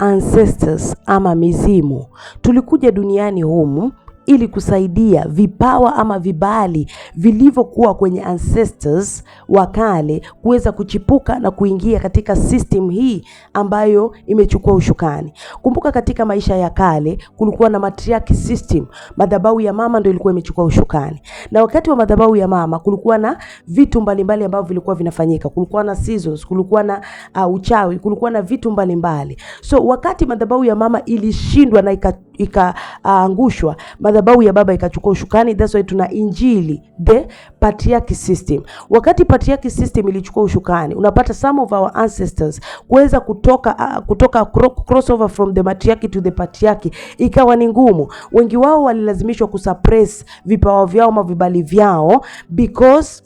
ancestors ama mizimu. Tulikuja duniani humu ili kusaidia vipawa ama vibali vilivyokuwa kwenye ancestors wa kale kuweza kuchipuka na kuingia katika system hii ambayo imechukua ushukani. Kumbuka katika maisha ya kale kulikuwa na matriarchy system, madhabahu ya mama ndio ilikuwa imechukua ushukani, na wakati wa madhabahu ya mama kulikuwa na vitu mbalimbali ambavyo vilikuwa vinafanyika, kulikuwa na seasons, kulikuwa na uh, uchawi, kulikuwa na vitu mbalimbali mbali. So wakati madhabahu ya mama ilishindwa na ika ikaangushwa, uh, madhabahu ya baba ikachukua ushukani. That's why tuna injili the patriarchy system. Wakati patriarchy system ilichukua ushukani, unapata some of our ancestors kuweza kutoka uh, kutoka crossover from the matriarchy to the patriarchy ikawa ni ngumu. Wengi wao walilazimishwa kusuppress vipawa vyao au vibali vyao because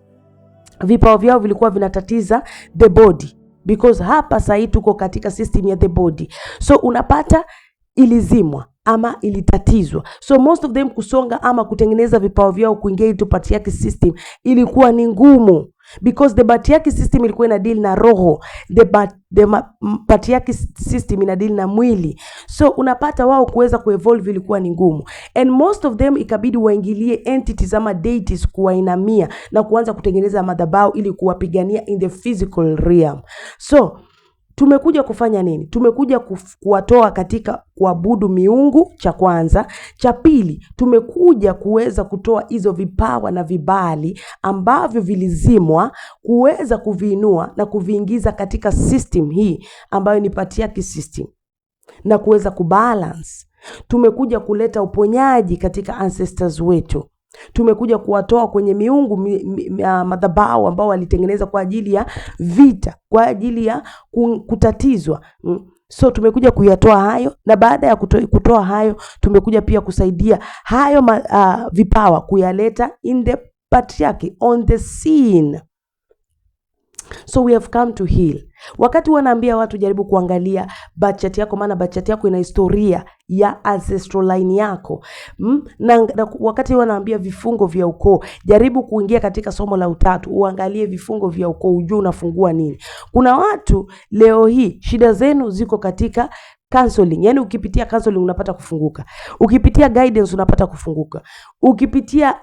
vipawa vyao vilikuwa vinatatiza the body because hapa sahii tuko katika system ya the body, so unapata ilizimwa ama ilitatizwa. So most of them kusonga ama kutengeneza vipao vyao kuingia into patriarchy system ilikuwa ni ngumu because the patriarchy system ilikuwa ina deal na roho, the, the patriarchy system ina deal na mwili. So unapata wao kuweza kuevolve ilikuwa ni ngumu, and most of them ikabidi waingilie entities ama deities kuwainamia na kuanza kutengeneza madhabahu ili kuwapigania in the physical realm so tumekuja kufanya nini? Tumekuja kuwatoa katika kuabudu miungu, cha kwanza. Cha pili, tumekuja kuweza kutoa hizo vipawa na vibali ambavyo vilizimwa, kuweza kuviinua na kuviingiza katika system hii ambayo ni patriarchy system na kuweza kubalance. Tumekuja kuleta uponyaji katika ancestors wetu Tumekuja kuwatoa kwenye miungu mi, mi, mi, madhabahu ambao walitengeneza kwa ajili ya vita, kwa ajili ya kutatizwa mm. So tumekuja kuyatoa hayo, na baada ya kuto, kutoa hayo tumekuja pia kusaidia hayo ma, uh, vipawa kuyaleta in the patriarchy on the scene. So we have come to heal. Wakati wanaambia watu jaribu kuangalia bachati yako, maana bachati yako ina historia ya ancestral line yako mm? na, na wakati wanaambia vifungo vya ukoo, jaribu kuingia katika somo la utatu uangalie vifungo vya ukoo, ujue unafungua nini. Kuna watu leo hii shida zenu ziko katika counseling. Yani ukipitia counseling unapata kufunguka, ukipitia guidance unapata kufunguka, ukipitia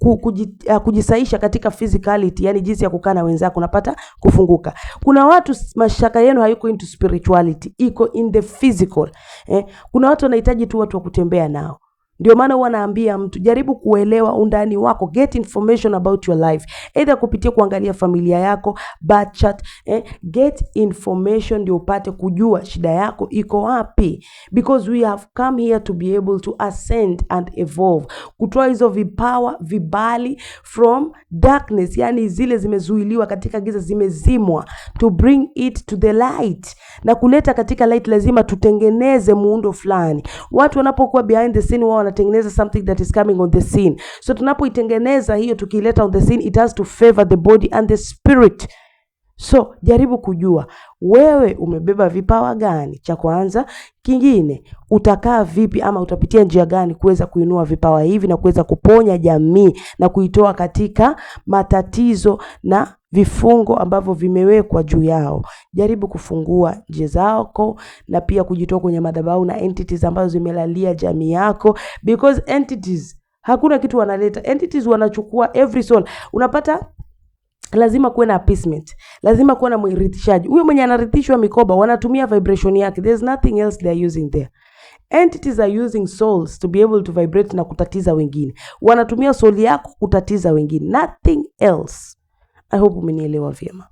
uh, kujisaisha katika physicality, yani jinsi ya kukaa na wenzako unapata kufunguka. Kuna watu watu mashaka yenu hayuko into spirituality, iko in the physical eh. Kuna watu wanahitaji tu watu wa kutembea nao ndio maana huwa naambia mtu jaribu kuelewa undani wako, get information about your life, either kupitia kuangalia familia yako birth chart, eh, get information ndio upate kujua shida yako iko wapi, because we have come here to be able to ascend and evolve, kutoa hizo vipawa vibali from darkness, yani zile zimezuiliwa katika giza, zimezimwa, to bring it to the light, na kuleta katika light. Lazima tutengeneze muundo fulani. Watu wanapokuwa behind the scene wao wanatengeneza something that is coming on the scene. So tunapoitengeneza hiyo, tukileta on the scene, it has to favor the body and the spirit. So jaribu kujua wewe umebeba vipawa gani, cha kwanza. Kingine, utakaa vipi ama utapitia njia gani kuweza kuinua vipawa hivi na kuweza kuponya jamii na kuitoa katika matatizo na vifungo ambavyo vimewekwa juu yao. Jaribu kufungua njia zako na pia kujitoa kwenye madhabahu na entities ambazo zimelalia jamii yako because entities hakuna kitu wanaleta. Entities wanachukua every soul. Unapata lazima kuwe na appeasement, lazima kuwe na mrithishaji. Huyo mwenye anarithishwa mikoba wanatumia vibration yake, there's nothing else they are using there. Entities are using souls to be able to vibrate na kutatiza wengine. Wanatumia soul yako kutatiza wengine, nothing else. I hope umenielewa vyema.